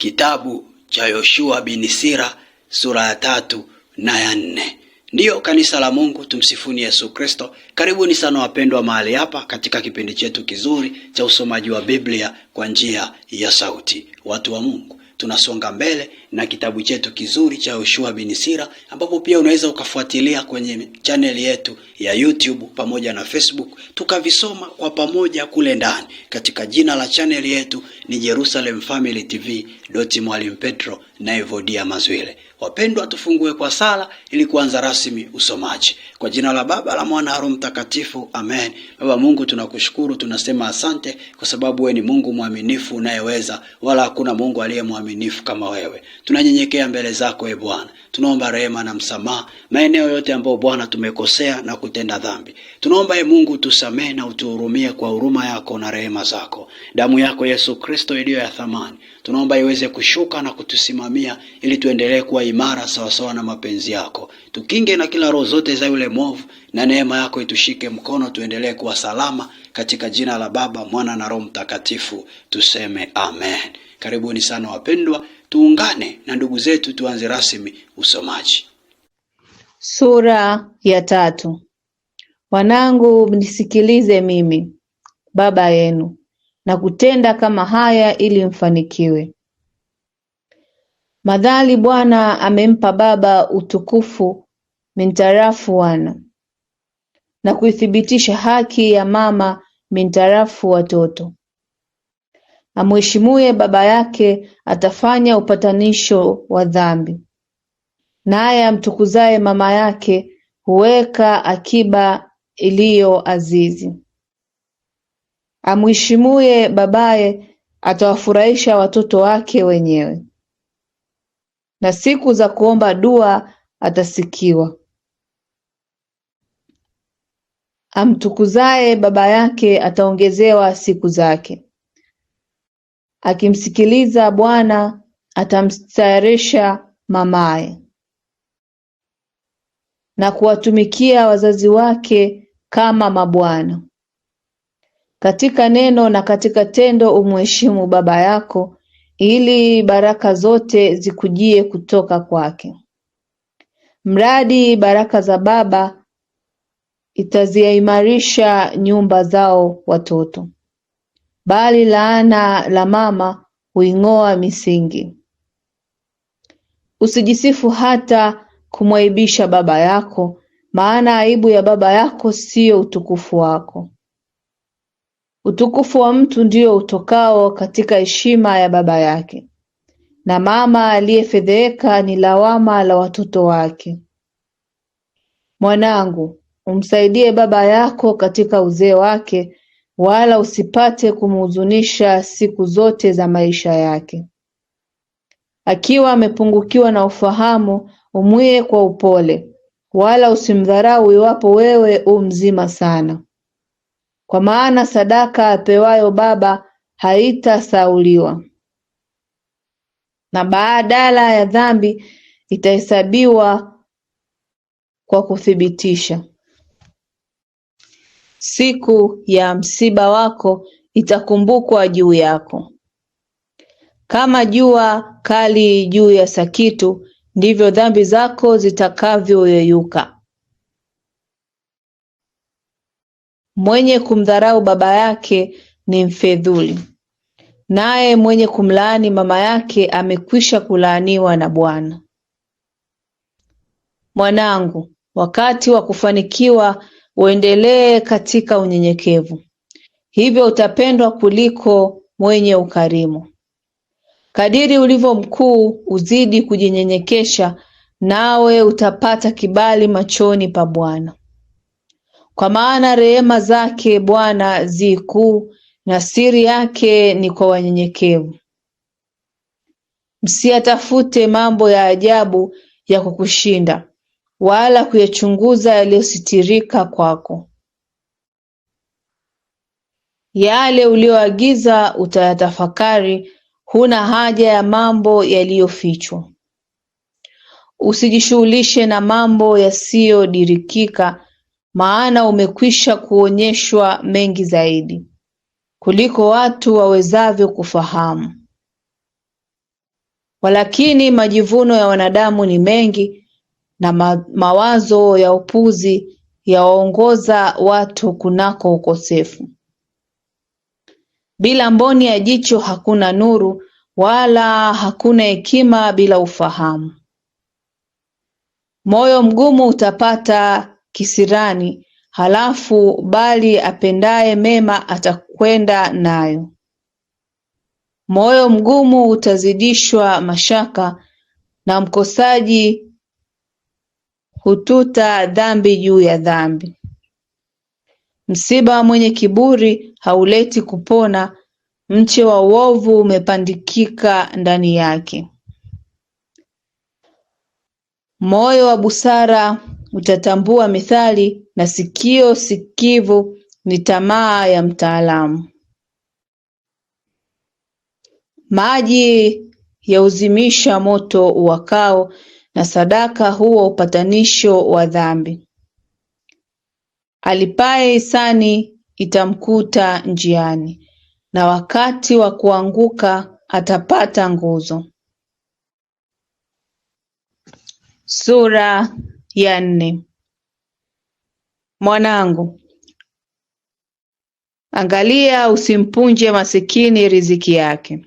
kitabu cha Yoshua bin Sira sura ya tatu na ya nne. Ndiyo kanisa la Mungu, tumsifuni Yesu Kristo. Karibuni sana wapendwa mahali hapa katika kipindi chetu kizuri cha usomaji wa Biblia kwa njia ya sauti, watu wa Mungu tunasonga mbele na kitabu chetu kizuri cha Yoshua bin Sira, ambapo pia unaweza ukafuatilia kwenye chaneli yetu ya YouTube pamoja na Facebook, tukavisoma kwa pamoja kule ndani. Katika jina la chaneli yetu ni Jerusalem Family TV doti Mwalimu Petro na Evodia Mazwile. Wapendwa, tufungue kwa sala ili kuanza rasmi usomaji. Kwa jina la Baba la Mwana Roho Mtakatifu, amen. Baba Mungu, tunakushukuru, tunasema asante kwa sababu wewe ni Mungu mwaminifu unayeweza, wala hakuna Mungu aliye mwaminifu kama wewe. Tunanyenyekea mbele zako e Bwana, tunaomba rehema na msamaha maeneo yote ambayo Bwana tumekosea na kutenda dhambi. Tunaomba e Mungu tusamehe na utuhurumie kwa huruma yako na rehema zako. Damu yako Yesu Kristo iliyo ya thamani Tunaomba iweze kushuka na kutusimamia ili tuendelee kuwa imara sawasawa na mapenzi yako. Tukinge na kila roho zote za yule mwovu na neema yako itushike mkono, tuendelee kuwa salama katika jina la Baba, Mwana na Roho Mtakatifu. Tuseme amen. Karibuni sana wapendwa, tuungane na ndugu zetu tuanze rasmi usomaji. Sura ya tatu. Wanangu, mnisikilize mimi, baba yenu na kutenda kama haya ili mfanikiwe Madhali Bwana amempa Baba utukufu mintarafu wana na kuithibitisha haki ya mama mintarafu watoto. Amheshimuye baba yake atafanya upatanisho wa dhambi, naye amtukuzaye mama yake huweka akiba iliyo azizi. Amheshimuye babaye atawafurahisha watoto wake wenyewe na siku za kuomba dua atasikiwa amtukuzaye baba yake ataongezewa siku zake akimsikiliza Bwana atamstayarisha mamaye na kuwatumikia wazazi wake kama mabwana katika neno na katika tendo umheshimu baba yako ili baraka zote zikujie kutoka kwake. Mradi baraka za baba itaziimarisha nyumba zao watoto, bali laana la mama huing'oa misingi. Usijisifu hata kumwaibisha baba yako, maana aibu ya baba yako siyo utukufu wako. Utukufu wa mtu ndio utokao katika heshima ya baba yake, na mama aliyefedheheka ni lawama la watoto wake. Mwanangu, umsaidie baba yako katika uzee wake, wala usipate kumhuzunisha siku zote za maisha yake. Akiwa amepungukiwa na ufahamu, umwie kwa upole, wala usimdharau iwapo wewe u mzima sana kwa maana sadaka apewayo Baba haitasauliwa na badala ya dhambi itahesabiwa kwa kuthibitisha. Siku ya msiba wako itakumbukwa juu yako. Kama jua kali juu ya sakitu, ndivyo dhambi zako zitakavyoyeyuka. Mwenye kumdharau baba yake ni mfedhuli, naye mwenye kumlaani mama yake amekwisha kulaaniwa na Bwana. Mwanangu, wakati wa kufanikiwa uendelee katika unyenyekevu, hivyo utapendwa kuliko mwenye ukarimu. Kadiri ulivyo mkuu, uzidi kujinyenyekesha, nawe utapata kibali machoni pa Bwana. Kwa maana rehema zake Bwana zi kuu, na siri yake ni kwa wanyenyekevu. Msiyatafute mambo ya ajabu ya kukushinda, wala kuyachunguza yaliyositirika kwako. Yale uliyoagiza utayatafakari, huna haja ya mambo yaliyofichwa. Usijishughulishe na mambo yasiyodirikika maana umekwisha kuonyeshwa mengi zaidi, kuliko watu wawezavyo kufahamu. Walakini majivuno ya wanadamu ni mengi, na mawazo ya upuzi yawaongoza watu kunako ukosefu. Bila mboni ya jicho hakuna nuru, wala hakuna hekima bila ufahamu. Moyo mgumu utapata kisirani halafu bali apendaye mema atakwenda nayo. Moyo mgumu utazidishwa mashaka, na mkosaji hututa dhambi juu ya dhambi. Msiba mwenye kiburi hauleti kupona, mche wa uovu umepandikika ndani yake. Moyo wa busara utatambua mithali na sikio sikivu ni tamaa ya mtaalamu. Maji yauzimisha moto uwakao, na sadaka huwa upatanisho wa dhambi. Alipaye hisani itamkuta njiani, na wakati wa kuanguka atapata nguzo. Sura ya nne. Mwanangu, angalia usimpunje masikini riziki yake,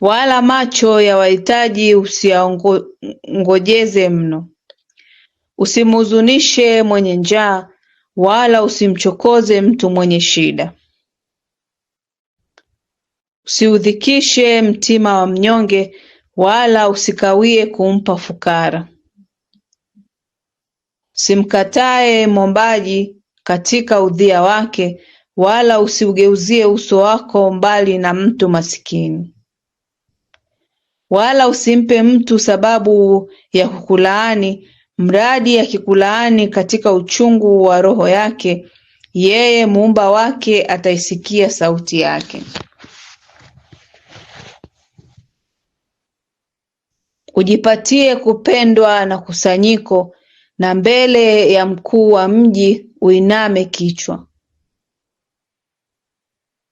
wala macho ya wahitaji usiaongojeze mno. Usimhuzunishe mwenye njaa, wala usimchokoze mtu mwenye shida. Usiudhikishe mtima wa mnyonge, wala usikawie kumpa fukara. Simkatae mwombaji katika udhia wake wala usiugeuzie uso wako mbali na mtu masikini wala usimpe mtu sababu ya kukulaani, mradi akikulaani katika uchungu wa roho yake, yeye muumba wake ataisikia sauti yake. Ujipatie kupendwa na kusanyiko, na mbele ya mkuu wa mji uiname kichwa,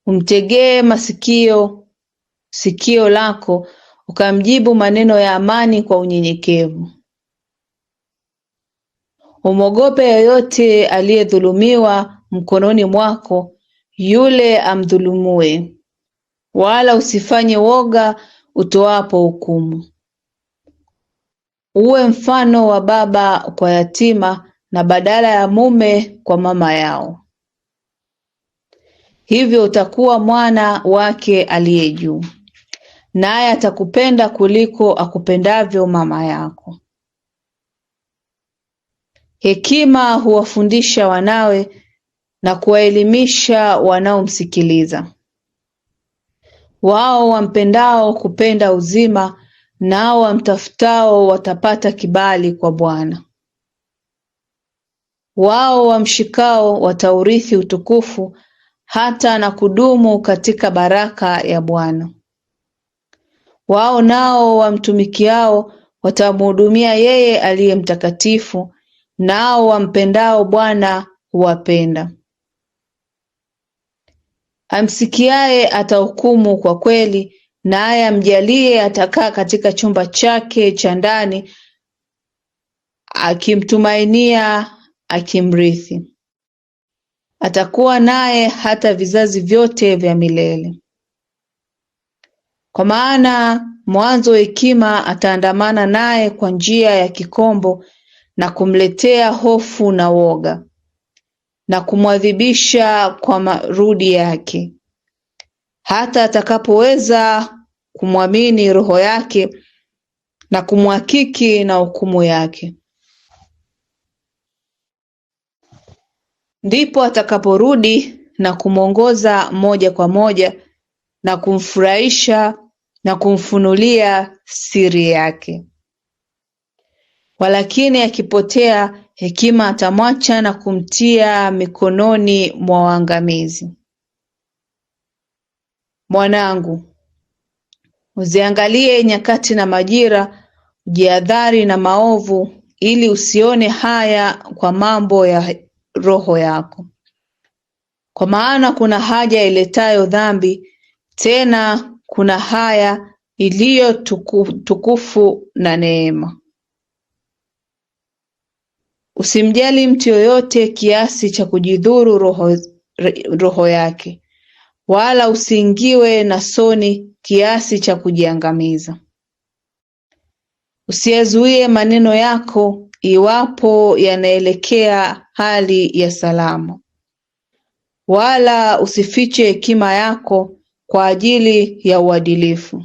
umtegee masikio sikio lako, ukamjibu maneno ya amani kwa unyenyekevu. Umwogope yoyote aliyedhulumiwa mkononi mwako, yule amdhulumue wala usifanye woga utoapo hukumu uwe mfano wa baba kwa yatima na badala ya mume kwa mama yao, hivyo utakuwa mwana wake aliye juu, naye atakupenda kuliko akupendavyo mama yako. Hekima huwafundisha wanawe na kuwaelimisha wanaomsikiliza. Wao wampendao kupenda uzima Nao wamtafutao watapata kibali kwa Bwana. Wao wamshikao wataurithi utukufu hata na kudumu katika baraka ya Bwana. Wao nao wamtumikiao watamhudumia yeye aliye mtakatifu, nao wampendao Bwana huwapenda. Amsikiaye atahukumu kwa kweli, naye amjalie atakaa katika chumba chake cha ndani akimtumainia akimrithi atakuwa naye hata vizazi vyote vya milele. Kwa maana mwanzo hekima ataandamana naye kwa njia ya kikombo na kumletea hofu na woga na kumwadhibisha kwa marudi yake, hata atakapoweza kumwamini Roho yake na kumhakiki na hukumu yake, ndipo atakaporudi na kumwongoza moja kwa moja na kumfurahisha na kumfunulia siri yake. Walakini akipotea hekima atamwacha na kumtia mikononi mwa waangamizi. Mwanangu, Uziangalie nyakati na majira, ujiadhari na maovu, ili usione haya kwa mambo ya roho yako, kwa maana kuna haja iletayo dhambi, tena kuna haya iliyo tuku, tukufu na neema. Usimjali mtu yoyote kiasi cha kujidhuru roho, roho yake wala usiingiwe na soni kiasi cha kujiangamiza. Usiyazuie maneno yako iwapo yanaelekea hali ya salamu, wala usifiche hekima yako kwa ajili ya uadilifu.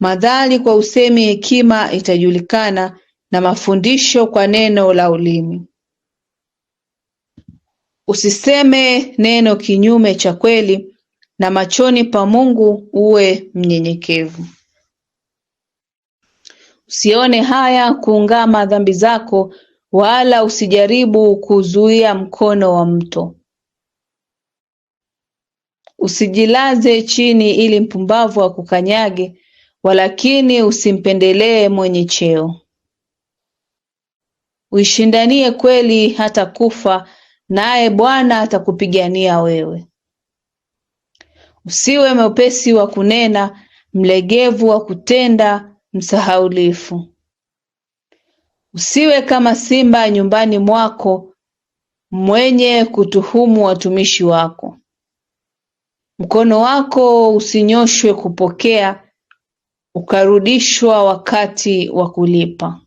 Madhali kwa usemi hekima itajulikana, na mafundisho kwa neno la ulimi. Usiseme neno kinyume cha kweli, na machoni pa Mungu uwe mnyenyekevu. Usione haya kuungama dhambi zako, wala usijaribu kuzuia mkono wa mto. Usijilaze chini ili mpumbavu akukanyage, walakini usimpendelee mwenye cheo. Uishindanie kweli hata kufa, naye Bwana atakupigania wewe. Usiwe mwepesi wa kunena, mlegevu wa kutenda, msahaulifu. Usiwe kama simba nyumbani mwako, mwenye kutuhumu watumishi wako. Mkono wako usinyoshwe kupokea, ukarudishwa wakati wa kulipa.